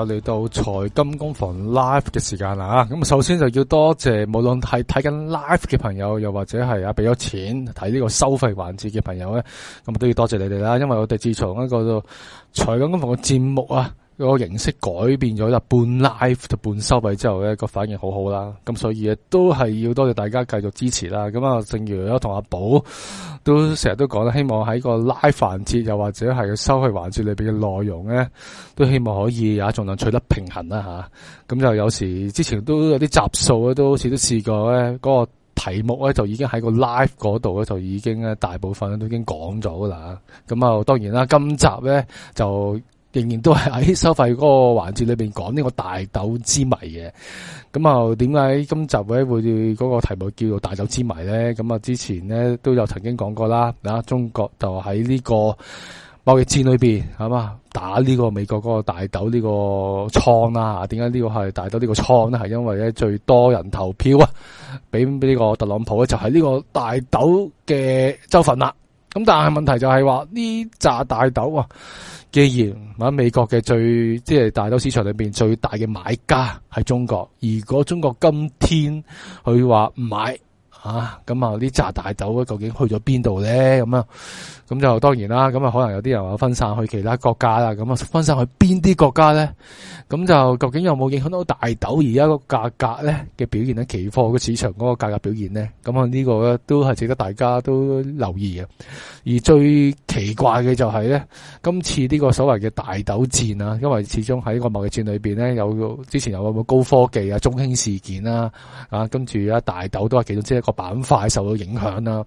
我嚟到財金工房 live 嘅時間啦，咁首先就要多謝無論係睇緊 live 嘅朋友，又或者係啊俾咗錢睇呢個收費環節嘅朋友咧，咁都要多謝你哋啦，因為我哋自從一個到財金工房嘅節目啊。個形式改變咗，就半 live 同半收費之後咧，個反應好好啦。咁所以都係要多謝大家繼續支持啦。咁啊，正如我同阿寶都成日都講啦，希望喺個 live 環節又或者係收費環節裏邊嘅內容咧，都希望可以啊，仲能取得平衡啦、啊、吓。咁就有時之前都有啲集數咧，都好似都試過咧，嗰、那個題目咧就已經喺個 live 嗰度咧就已經咧大部分都已經講咗啦。咁啊，當然啦，今集咧就。仍然都係喺收費嗰個環節裏邊講呢個大豆之謎嘅。咁啊點解今集咧會嗰個題目叫做大豆之謎咧？咁啊之前咧都有曾經講過啦，嗱中國就喺呢個貿易戰裏邊係嘛，打呢個美國嗰個大豆呢個倉啦，點解呢個係大豆個創呢個倉咧？係因為咧最多人投票啊，俾俾呢個特朗普咧就係、是、呢個大豆嘅州份啦。咁但係問題就係話呢紮大豆啊，既然喺美國嘅最即係、就是、大豆市場裏邊最大嘅買家係中國，如果中國今天佢話唔買。啊，咁啊，呢紮大豆究竟去咗邊度咧？咁啊，咁就當然啦。咁啊，可能有啲人話分散去其他國家啦。咁啊，分散去邊啲國家咧？咁就究竟有冇影響到大豆而家個價格咧嘅表現咧？期貨個市場嗰個價格表現咧？咁啊，呢個咧都係值得大家都留意嘅。而最奇怪嘅就係咧，今次呢個所謂嘅大豆戰啊，因為始終喺個貿易戰裏邊咧，有之前有冇高科技啊、中興事件啦、啊，啊，跟住啊，大豆都係其中一板塊受到影響啦，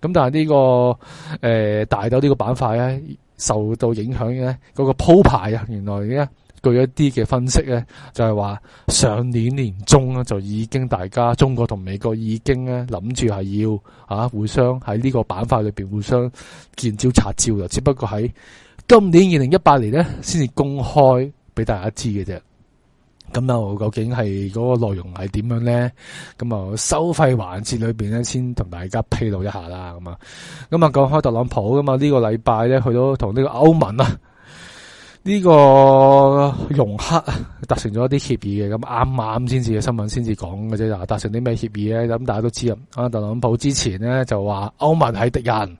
咁但係、這、呢個誒、呃、大豆呢個板塊咧受到影響嘅嗰個鋪排啊，原來咧據一啲嘅分析咧，就係話上年年中啊就已經大家中國同美國已經咧諗住係要啊互相喺呢個板塊裏邊互相見招拆招嘅，只不過喺今年二零一八年咧，先至公開俾大家知嘅啫。咁又究竟係嗰個內容係點樣咧？咁啊收費環節裏邊咧，先同大家披露一下啦。咁啊，咁啊講開特朗普噶嘛，這個呢個禮拜咧，去到同呢個歐盟啊，呢個容克達成咗一啲協議嘅。咁啱啱先至嘅新聞先至講嘅啫，就達成啲咩協議咧？咁大家都知啊，阿特朗普之前咧就話歐盟係敵人。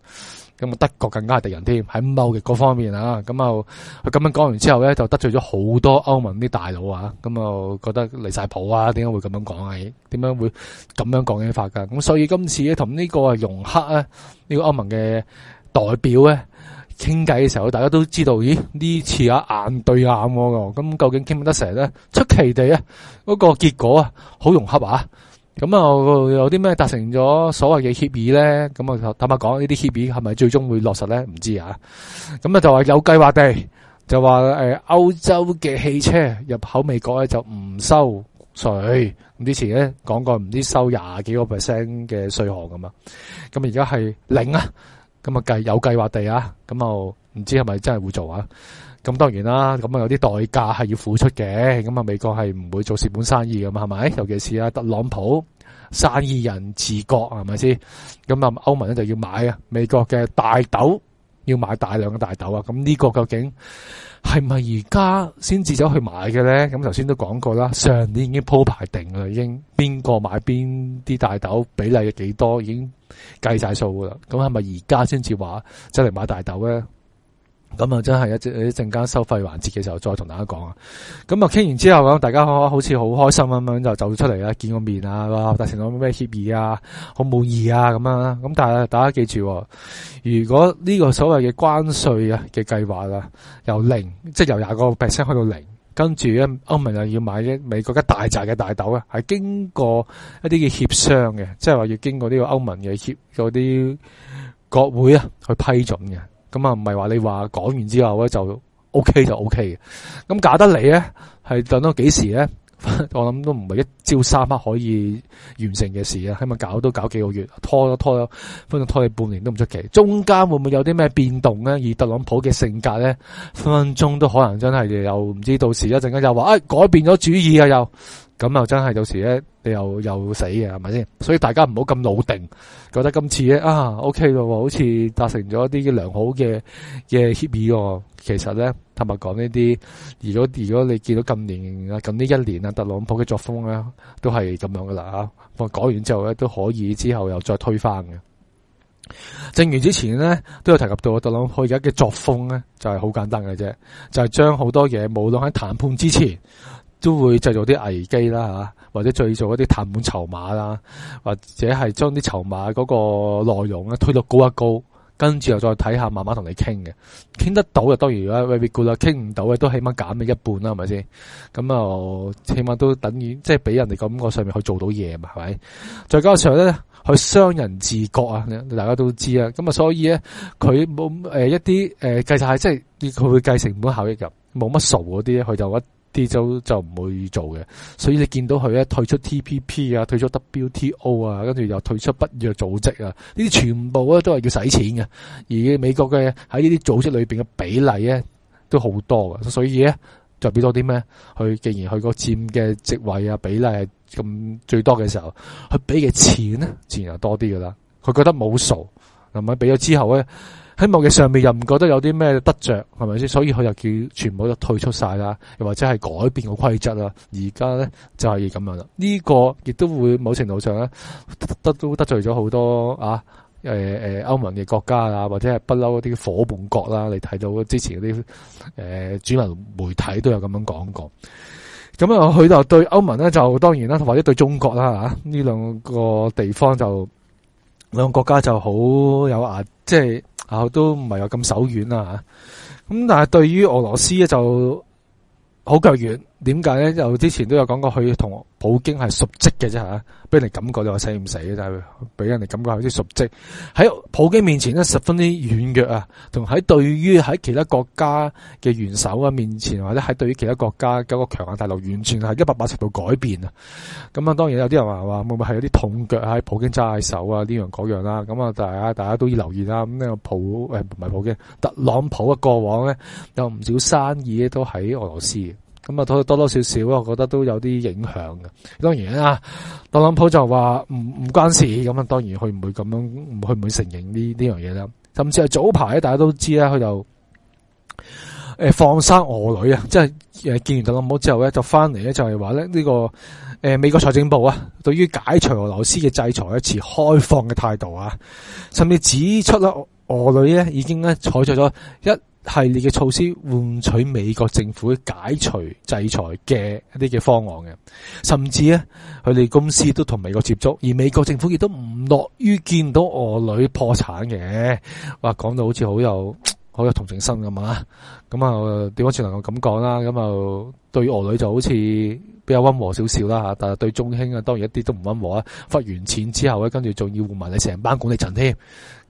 咁啊，德國更加係敵人添，喺貿易嗰方面啊，咁佢咁樣講完之後咧，就得罪咗好多歐盟啲大佬啊，咁又覺得離晒譜啊，點解會咁樣講啊？點樣會咁樣講嘅法㗎？咁所以今次咧，同呢個容啊容克啊，呢個歐盟嘅代表咧，傾偈嘅時候，大家都知道，咦？呢次啊眼對眼喎，啊，咁究竟傾唔得成咧？出奇地啊，嗰，那個結果啊，好融洽啊！咁啊、嗯，有啲咩達成咗所謂嘅協議咧？咁、嗯、啊，坦白講呢啲協議係咪最終會落實咧？唔知啊。咁、嗯、啊，就話有計劃地就話誒，呃、歐洲嘅汽車入口美國咧就唔收稅。咁、嗯、之前咧講過唔知收廿幾個 percent 嘅稅項咁啊，咁而家係零啊。咁啊計有計劃地啊，咁啊唔知係咪真係會做啊？咁當然啦，咁啊有啲代價係要付出嘅，咁啊美國係唔會做蝕本生意噶嘛，係咪？尤其是啊特朗普生意人治國係咪先？咁啊歐盟咧就要買啊美國嘅大豆，要買大量嘅大豆啊！咁呢個究竟係咪而家先至走去買嘅咧？咁頭先都講過啦，上年已經鋪排定啦，已經邊個買邊啲大豆比例嘅幾多已經計晒數噶啦。咁係咪而家先至話真嚟買大豆咧？咁啊，就真係一一陣間收費環節嘅時候再同大家講啊。咁啊，傾完之後咁，大家好似好開心咁樣就走出嚟啦，見個面啊，達成咗咩協議啊，好滿意啊咁啊。咁但係大家記住，如果呢個所謂嘅關稅啊嘅計劃啦由零即係、就是、由廿個 percent 去到零，跟住咧歐盟又要買一美國一大扎嘅大豆啊，係經過一啲嘅協商嘅，即係話要經過呢個歐盟嘅協嗰啲國會啊去批准嘅。咁啊，唔係話你話講完之後咧就 OK 就 OK 嘅。咁搞得嚟咧，係等到幾時咧？我諗都唔係一朝三刻可以完成嘅事啊！起碼搞都搞幾個月，拖都拖咗，分分鐘拖你半年都唔出奇。中間會唔會有啲咩變動咧？以特朗普嘅性格咧，分分鐘都可能真係又唔知到時一陣間又話啊、哎、改變咗主意啊又。咁又真係到時咧，你又又死嘅係咪先？所以大家唔好咁老定，覺得今次咧啊 OK 咯，好似達成咗啲良好嘅嘅協議。其實咧，坦白講呢啲，如果如果你見到近年啊咁呢一年啊，特朗普嘅作風咧，都係咁樣噶啦吓。我講完之後咧，都可以之後又再推翻嘅。正如之前咧，都有提及到特朗普而家嘅作風咧，就係、是、好簡單嘅啫，就係將好多嘢，無論喺談判之前。都會製造啲危機啦，吓或者製造一啲談判籌碼啦，或者係將啲籌碼嗰個內容咧推到高一高，跟住又再睇下，慢慢同你傾嘅。傾得到就當然啦，very good 啦；傾唔到嘅都起碼減咗一半啦，係咪先？咁啊，我起碼都等於即係俾人哋感覺上面去做到嘢嘛，係咪？再加上咧，佢商人自覺啊，大家都知啊。咁啊，所以咧，佢冇誒一啲誒計晒，即係佢會計成本效益入，冇乜傻嗰啲咧，佢就跌咗就唔會做嘅。所以你見到佢咧退出 TPP 啊，退出 WTO 啊，跟住又退出不約組織啊，呢啲全部咧都係要使錢嘅，而美國嘅喺呢啲組織裏邊嘅比例咧都好多嘅，所以咧就俾多啲咩？佢既然佢個佔嘅職位啊比例係咁最多嘅時候，佢俾嘅錢呢自然就多啲噶啦，佢覺得冇數，係咪俾咗之後咧？喺貿嘅上面又唔覺得有啲咩得着，係咪先？所以佢又叫全部都退出晒啦，又或者係改變個規則啦。而家咧就係咁樣啦。呢個亦都會某程度上咧得都得罪咗好多啊！誒誒歐盟嘅國家啊，或者係不嬲一啲夥伴國啦。你睇到之前嗰啲誒主流媒體都有咁樣講過。咁啊，佢就對歐盟咧就當然啦，或者對中國啦啊呢兩個地方就兩個國家就好有啊，即係。啊，都唔係話咁手軟啊，吓，咁但係對於俄羅斯咧就好腳軟。點解咧？就之前都有講過，佢同普京係熟識嘅啫吓，俾人感覺就話死唔死，就係俾人哋感覺有啲熟識。喺普京面前咧，十分之軟弱啊，同喺對於喺其他國家嘅元首啊面前，或者喺對於其他國家嗰個強硬大陸，完全係一百八十度改變啊！咁啊，當然有啲人話話，會唔會係有啲痛腳喺普京揸手啊，呢樣嗰樣啦。咁啊，大家大家都要留意啦。咁呢個普誒唔係普京，特朗普嘅過往咧，有唔少生意都喺俄羅斯。咁啊，多多多少少啊，我覺得都有啲影響嘅。當然啊，特朗普就話唔唔關事，咁啊，當然佢唔會咁樣，佢唔會承認呢呢樣嘢啦。甚至係早排咧，大家都知啦，佢就誒、呃、放生俄女啊，即係誒、呃、見完特朗普之後咧，就翻嚟咧就係話咧呢個誒、呃、美國財政部啊，對於解除俄羅斯嘅制裁，一持開放嘅態度啊，甚至指出啦俄女咧已經咧採取咗一系列嘅措施換取美國政府解除制裁嘅一啲嘅方案嘅，甚至咧，佢哋公司都同美國接觸，而美國政府亦都唔樂於見到俄鋁破產嘅。哇，講到好似好有好有同情心咁嘛。咁啊，點解先能夠咁講啦？咁啊、呃，對俄鋁就好似比較溫和少少啦吓，但係對中興啊，當然一啲都唔溫和啊！罰完錢之後咧、啊，跟住仲要換埋你成班管理層添，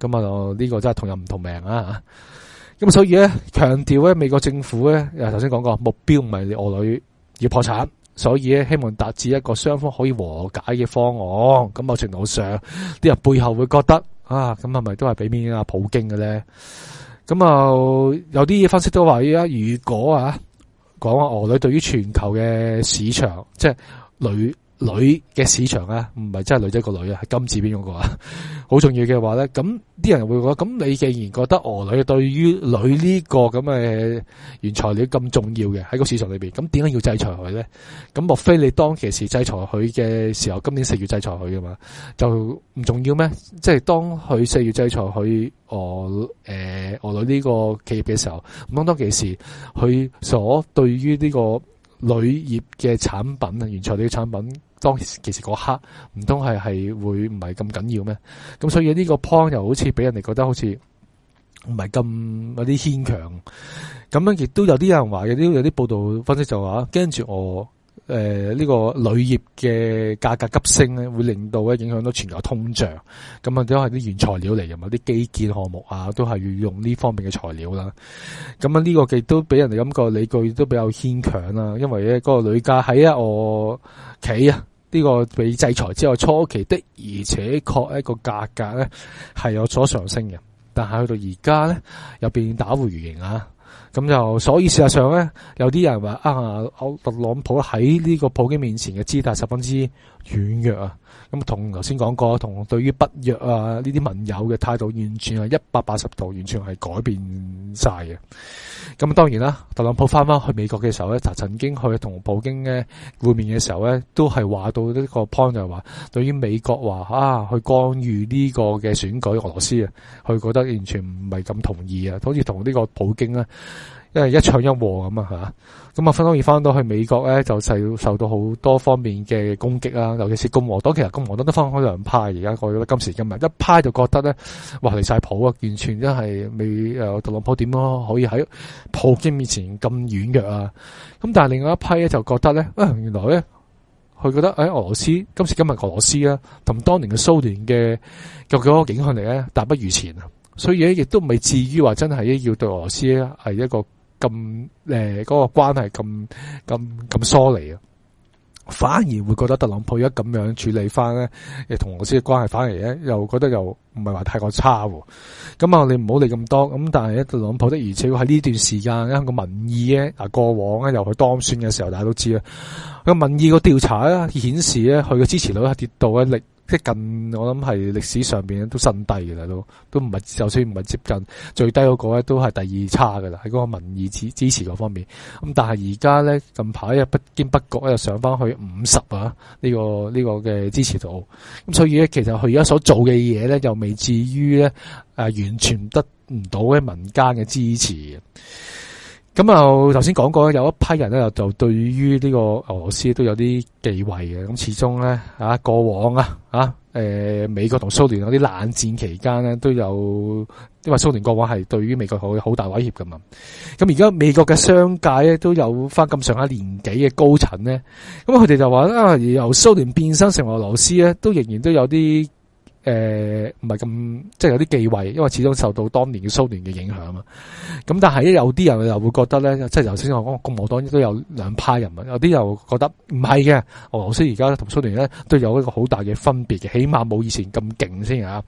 咁啊，呢、呃這個真係同人唔同命啊！咁所以咧，強調咧，美國政府咧，誒，頭先講過目標唔係你俄女要破產，所以咧，希望達至一個雙方可以和解嘅方案。咁某程度上，啲人背後會覺得啊，咁係咪都係俾面啊普京嘅咧？咁啊，有啲分析都話依家如果啊，講阿俄女對於全球嘅市場，即係女。鋁嘅市場啊，唔係真係女仔個女啊，係金字邊嗰個啊，好重要嘅話咧，咁啲人會覺得，咁你既然覺得俄鋁對於鋁呢個咁嘅原材料咁重要嘅喺個市場裏邊，咁點解要制裁佢咧？咁莫非你當其時制裁佢嘅時候，今年四月制裁佢㗎嘛？就唔重要咩？即係當佢四月制裁佢俄誒俄鋁呢個企業嘅時候，咁當其時佢所對於呢個鋁業嘅產品啊，原材料嘅產品。當其時嗰刻唔通係係會唔係咁緊要咩？咁所以呢個 point 又好似俾人哋覺得好似唔係咁有啲牽強。咁樣亦都有啲人話有啲有啲報道分析就話跟住我誒呢、呃呢個鋁業嘅價格急升，會令到咧影響到全球通脹。咁啊都係啲原材料嚟嘅嘛，啲基建項目啊都係要用呢方面嘅材料啦。咁啊呢個亦都俾人哋感覺理據都比較牽強啦。因為咧嗰個鋁價喺啊我企啊。呢個被制裁之後初期的而且確一個價格咧係有所上升嘅，但係去到而家咧又變打回原形啊。咁就所以事實上咧，有啲人話啊，特朗普喺呢個普京面前嘅姿態十分之軟弱啊，咁同頭先講過，同對於北約啊呢啲盟友嘅態度，完全係一百八十度，完全係改變晒嘅。咁當然啦，特朗普翻翻去美國嘅時候咧，就曾經去同普京呢會面嘅時候咧，都係話到呢個 point 就係話，對於美國話啊去干預呢個嘅選舉，俄羅斯啊，佢覺得完全唔係咁同意啊，好似同呢個普京咧。因為一唱一和咁啊，吓咁啊，分當然返到去美國咧，就受受到好多方面嘅攻擊啦。尤其是共和黨，其實共和黨都分開兩派。而家過咗今時今日一派就覺得咧，哇離晒譜啊，完全真係未誒特朗普點咯，可以喺普京面前咁軟弱啊。咁但係另外一批咧就覺得咧、啊，原來咧，佢覺得喺俄羅斯今時今日俄羅斯啊，同當年嘅蘇聯嘅嗰個影響力咧，大不如前啊。所以亦都未至於話真係要對俄羅斯係一個。咁誒、嗰、欸，那個關係咁咁咁疏離啊，反而會覺得特朗普而家咁樣處理翻咧，亦同我嘅關係反而咧又覺得又唔係話太過差喎。咁、嗯、啊，你唔好理咁多。咁、嗯、但係，特朗普的而且確喺呢段時間咧個民意咧啊過往咧由佢當選嘅時候，大家都知啦。個民意個調查咧顯示咧，佢嘅支持率係跌到一力。即近我諗係歷史上邊都新低噶啦，都都唔係就算唔係接近最低嗰個咧，都係第二差噶啦，喺嗰個民意支支持嗰方面。咁但係而家咧近排又不經不覺，咧又上翻去五十啊呢個呢個嘅支持度。咁所以咧，其實佢而家所做嘅嘢咧，又未至於咧、啊、完全得唔到咧民間嘅支持。咁啊，頭先講過有一批人咧，就對於呢個俄羅斯都有啲忌諱嘅。咁始終咧啊，過往啊誒，美國同蘇聯有啲冷戰期間咧，都有因為蘇聯過往係對於美國好好大威脅噶嘛。咁而家美國嘅商界咧都有翻咁上下年紀嘅高層咧，咁佢哋就話啊，由蘇聯變身成為俄羅斯咧，都仍然都有啲。誒，唔係咁即係有啲忌諱，因為始終受到當年嘅蘇聯嘅影響啊。咁但係有啲人又會覺得咧，即係頭先我講共和黨，都有兩派人物。有啲又覺得唔係嘅，俄羅斯而家同蘇聯咧都有一個好大嘅分別嘅，起碼冇以前咁勁先啊。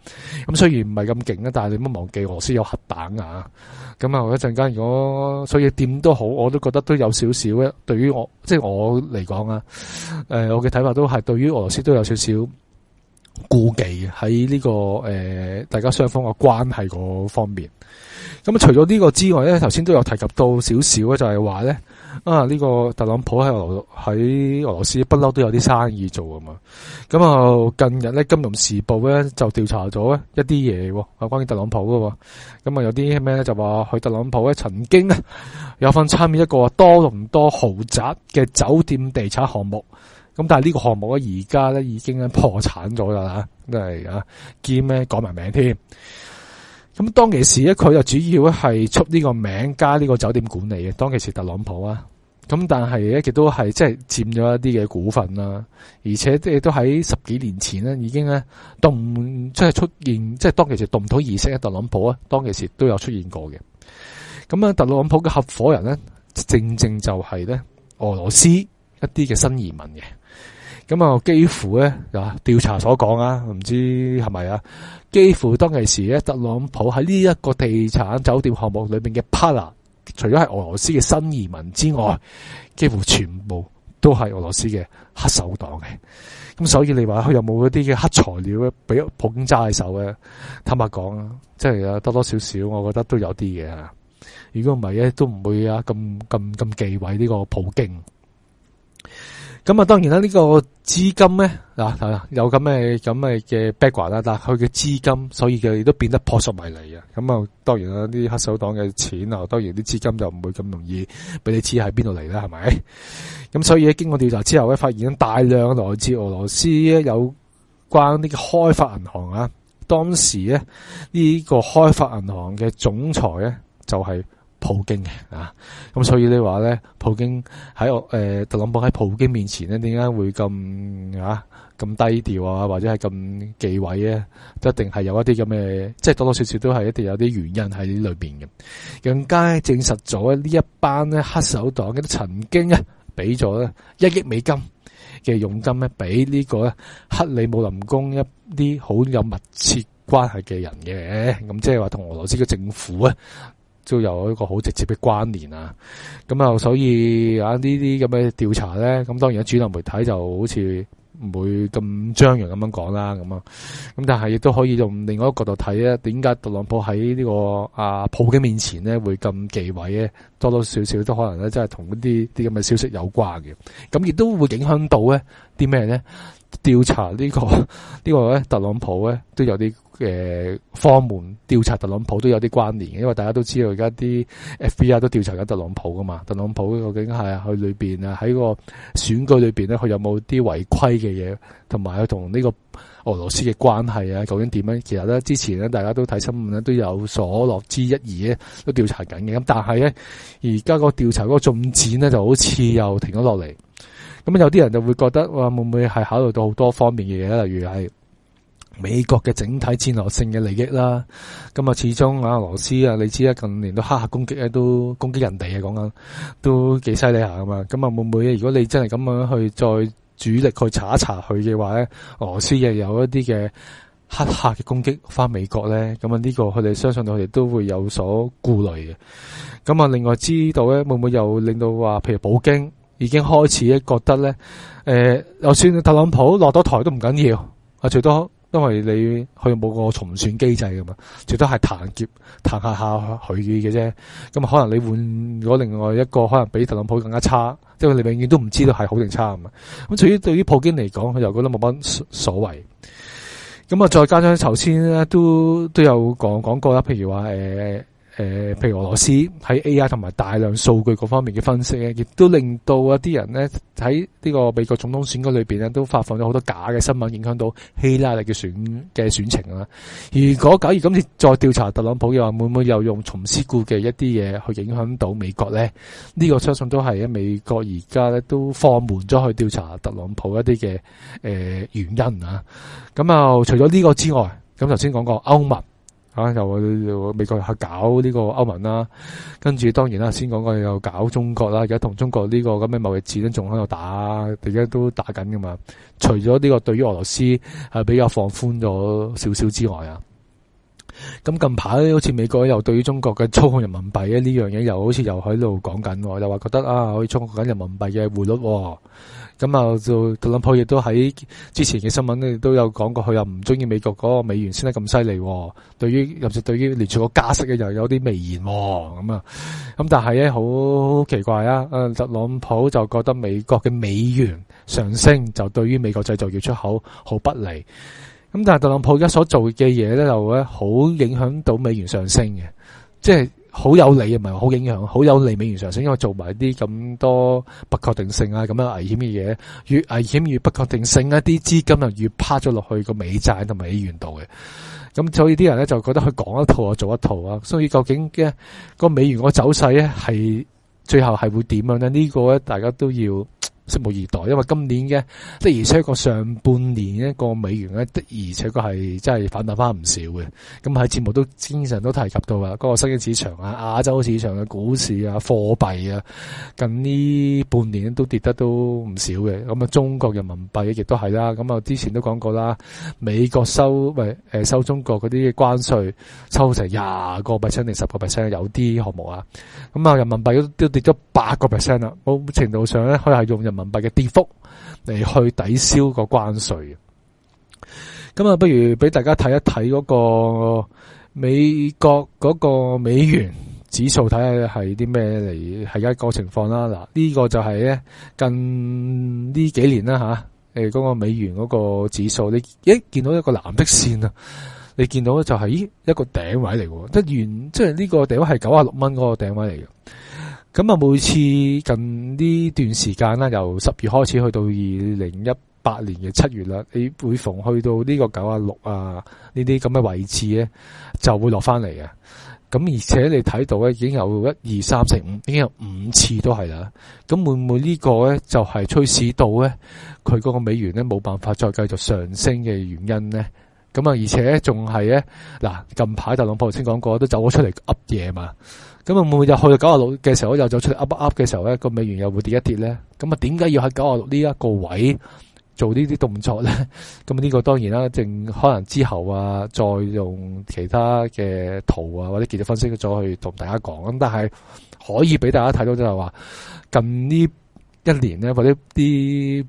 咁雖然唔係咁勁啊，但係你唔好忘記俄羅斯有核彈啊。咁啊，一陣間如果所以點都好，我都覺得都有少少咧。對於我即係我嚟講啊，誒、呃，我嘅睇法都係對於俄羅斯都有少少，顧忌喺呢、這個誒、呃，大家雙方嘅關係嗰方面。咁啊，除咗呢個之外咧，頭先都有提及到少少咧，就係話咧啊，呢、這個特朗普喺俄喺俄羅斯不嬲都有啲生意做噶嘛。咁啊，呃，近日咧《金融時報》呢咧就調查咗一啲嘢喎，啊，關於特朗普噶。咁啊，有啲咩咧就話，去特朗普咧曾經咧有份參與一個多倫多豪宅嘅酒店地產項目。咁但係呢個項目咧，而家咧已經咧破產咗㗎啦吓，都係啊兼咧講埋名添。咁當其時咧，佢又主要咧係出呢個名加呢個酒店管理嘅，當其時特朗普啊，咁但係咧亦都係即係佔咗一啲嘅股份啦。而且即係都喺十幾年前咧，已經咧動即係、就是、出現，即、就、係、是、當其時，動土儀式嘅特朗普啊，當其時都有出現過嘅。咁啊，特朗普嘅合夥人咧，正正就係咧俄羅斯一啲嘅新移民嘅。咁啊，我幾乎咧啊，調查所講啊，唔知係咪啊？幾乎當其時咧，特朗普喺呢一個地產酒店項目裏面嘅 partner，除咗係俄羅斯嘅新移民之外，幾乎全部都係俄羅斯嘅黑手黨嘅。咁所以你話佢有冇一啲嘅黑材料咧？俾普京揸喺手咧？坦白講啊，即係啊，多多少少，我覺得都有啲嘢。如果唔係咧，都唔會啊咁咁咁忌諱呢個普京。咁、這個、啊，啊，啊，當然啦，呢個資金咧，嗱，有咁嘅咁嘅嘅 background 啦，但係佢嘅資金，所以佢亦都變得撲朔迷離啊！咁啊，當然啦，啲黑手黨嘅錢啊，當然啲資金就唔會咁容易俾你知喺邊度嚟啦，係咪？咁所以經經過調查之後咧，發現咗大量來自俄羅斯有關呢個開發銀行啊，當時咧呢、這個開發銀行嘅總裁咧就係、是。普京嘅啊，咁所以你話咧，普京喺我誒特朗普喺普京面前咧，點解會咁啊咁低調啊，或者係咁忌諱咧，啊？都一定係有一啲咁嘅，即係多多少少都係一定有啲原因喺裏邊嘅。更加證實咗呢一班咧黑手黨都曾經啊，俾咗一億美金嘅佣金咧，啊，俾呢個咧克里姆林宮一啲好有密切關係嘅人嘅，咁即係話同俄羅斯嘅政府啊，都有一個好直接嘅關聯啊，咁啊，所以啊呢啲咁嘅調查咧，咁當然主流媒體就好似唔會咁張揚咁樣講啦，咁啊，咁但係亦都可以用另外一個角度睇啊，點解特朗普喺呢個啊普京面前咧會咁忌諱咧？多多少少都可能咧，即係同呢啲啲咁嘅消息有關嘅，咁亦都會影響到咧啲咩咧？調查呢、這個這個呢個咧，特朗普咧都有啲誒、呃，方門調查特朗普都有啲關聯嘅，因為大家都知道而家啲 FBI 都調查緊特朗普噶嘛。特朗普究竟係去裏邊啊，喺個選舉裏邊咧，佢有冇啲違規嘅嘢，同埋佢同呢個俄羅斯嘅關係啊，究竟點樣呢？其實咧，之前咧，大家都睇新聞咧，都有所略知一二咧，都調查緊嘅。咁但係咧，而家個調查個進展咧，就好似又停咗落嚟。咁有啲人就會覺得，哇，會唔會係考慮到好多方面嘅嘢咧？例如係美國嘅整體戰略性嘅利益啦。咁啊，始終啊，俄羅斯啊，你知啦，近年都黑客攻擊咧，都攻擊人哋啊，講緊都幾犀利下噶嘛。咁啊，會唔會如果你真係咁樣去再主力去查一查佢嘅話咧，俄羅斯又有一啲嘅黑客嘅攻擊翻美國咧？咁啊，呢個佢哋相信佢哋都會有所顧慮嘅。咁啊，另外知道咧，會唔會又令到話，譬如普京？已經開始咧，覺得咧，誒、呃，就算特朗普落咗台都唔緊要，啊，最多因為你去冇個重選機制噶嘛，最多係彈劾彈下下佢嘅啫。咁啊，可能你換咗另外一個，可能比特朗普更加差，即係你永遠都唔知道係好定差啊嘛。咁至於對於普京嚟講，佢又覺得冇乜所謂。咁啊，再加上頭先咧都都有講講過啦，譬如話，誒。呃誒、呃，譬如俄羅斯喺 AI 同埋大量數據嗰方面嘅分析咧，亦都令到一啲人呢喺呢個美國總統選舉裏邊咧，都發放咗好多假嘅新聞，影響到希拉里嘅選嘅選情啦。而如果假如今次再調查特朗普嘅話，嘅又會唔會又用重施故技嘅一啲嘢去影響到美國呢？呢、呢個相信都係美國而家咧都放緩咗去調查特朗普一啲嘅誒原因啊。咁啊，除咗呢個之外，咁頭先講過歐盟。啊，又，又，又美國又搞呢個歐盟啦，跟住當然啦，先講過又搞中國啦，而家同中國呢個咁嘅貿易戰都仲喺度打，而家都打緊㗎嘛。除咗呢個對於俄羅斯係、啊、比較放寬咗少少之外啊。咁近排好似美國又對於中國嘅操控人民幣咧呢樣嘢，又好似又喺度講緊，又話覺得啊，可以操控緊人民幣嘅匯率。咁啊，就特朗普亦都喺之前嘅新聞咧都有講過，佢又唔中意美國嗰個美元升得咁犀利。對於甚至對於連住個加息嘅，又有啲微言。咁啊，咁但係咧好奇怪啊，誒，特朗普就覺得美國嘅美元上升就對於美國製造業出口好不利。咁但係特朗普而家所做嘅嘢咧，就咧好影響到美元上升嘅，即係好有利啊，唔係好影響，好有利美元上升，因為做埋啲咁多不確定性啊，咁樣危險嘅嘢，越危險越不確定性啊，啲資金就越趴咗落去個美債同埋美元度嘅，咁所以啲人咧就覺得佢講一套啊，做一套啊，所以究竟嘅個美元個走勢咧，係最後係會點樣咧？呢個咧，大家都要。即拭目以待，因為今年嘅的而且確上半年一個美元咧的而且確係真係反彈翻唔少嘅。咁喺節目都經常都提及到啦，嗰、那個新興市場啊、亞洲市場嘅、啊、股市啊、貨幣啊，近呢半年呢都跌得都唔少嘅。咁啊，中國人民幣亦都係啦。咁啊，之前都講過啦，美國收咪誒收中國嗰啲關稅，收成廿個 percent 定十個 percent，有啲項目啊。咁啊，人民幣都，都跌咗八個 percent 啦。某程度上咧，佢係用人民。人民幣嘅跌幅嚟，去抵消個關稅嘅，咁啊，不如俾大家睇一睇嗰個美國嗰個美元指數，睇下係啲咩嚟，係一個情況啦。嗱，呢個就係咧，近呢幾年啦吓，誒，嗰個美元嗰個指數，你一見到一個藍色線啊，你見到就係一個頂位嚟嘅，即係原，即係呢個頂位係九啊六蚊嗰個頂位嚟嘅。咁啊，每次近呢段時間啦，由十月開始去到二零一八年嘅七月啦，你每逢去到呢個九啊六啊呢啲咁嘅位置咧，就會落翻嚟嘅。咁而且你睇到咧，已經有一二三四五，已經有五次都係啦。咁會唔會呢個咧就係趨勢到咧，佢嗰個美元咧冇辦法再繼續上升嘅原因咧？咁啊，而且仲係咧，嗱，近排特朗普頭先講過，都走咗出嚟噏嘢嘛。咁啊，每日去到九十六嘅時候，又走出嚟噏噏嘅時候咧，個美元又會跌一跌咧。咁啊，點解要喺九十六呢一個位做呢啲動作咧？咁啊，呢個當然啦，正可能之後啊，再用其他嘅圖啊，或者技術分析再去同大家講。咁但係可以俾大家睇到就係話，近呢一年咧，或者啲，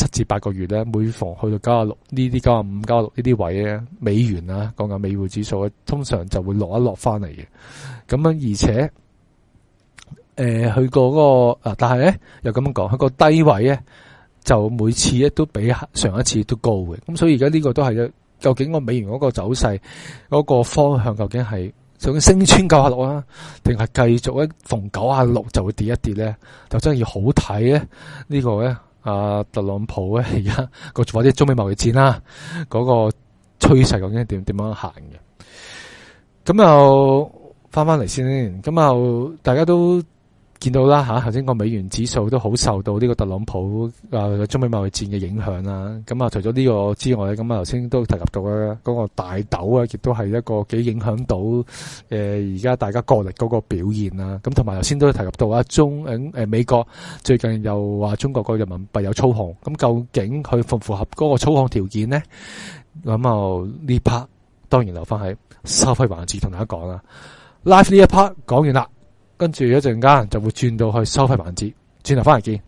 七至八個月咧，每逢去到九啊六呢啲九啊五、九啊六呢啲位咧，美元啊，講緊美匯指數通常就會落一落翻嚟嘅。咁樣而且，誒、呃、去過、嗰個嗰個啊，但係咧又咁樣講，喺個低位咧，就每次咧都比上一次都高嘅。咁所以而家呢個都係究竟個美元嗰個走勢嗰、嗰個方向究竟係究竟升穿九啊六啊，定係繼續一逢九啊六就會跌一跌咧？就真係要好睇咧呢、呢個咧。阿、啊、特朗普咧，而家個或者中美貿易戰啦、啊，嗰、那個趨勢究竟點點樣行嘅？咁又翻翻嚟先，咁又大家都。見到啦吓，頭、啊、先個美元指數都好受到呢個特朗普誒、啊、中美貿易戰嘅影響啦、啊。咁啊，除咗呢個之外咧，咁啊頭先都提及到啊，嗰個大豆啊，亦都係一個幾影響到誒而家大家各力嗰個表現啦、啊。咁同埋頭先都提及到啊，中誒、呃、美國最近又話中國個人民幣有操控，咁、啊、究竟佢符唔符合嗰個操控條件呢？咁啊呢 part、啊、當然留翻喺收費環節同大家講啦。Live 呢一 part 講完啦。跟住一陣間就會轉到去收費環節，轉頭返嚟見。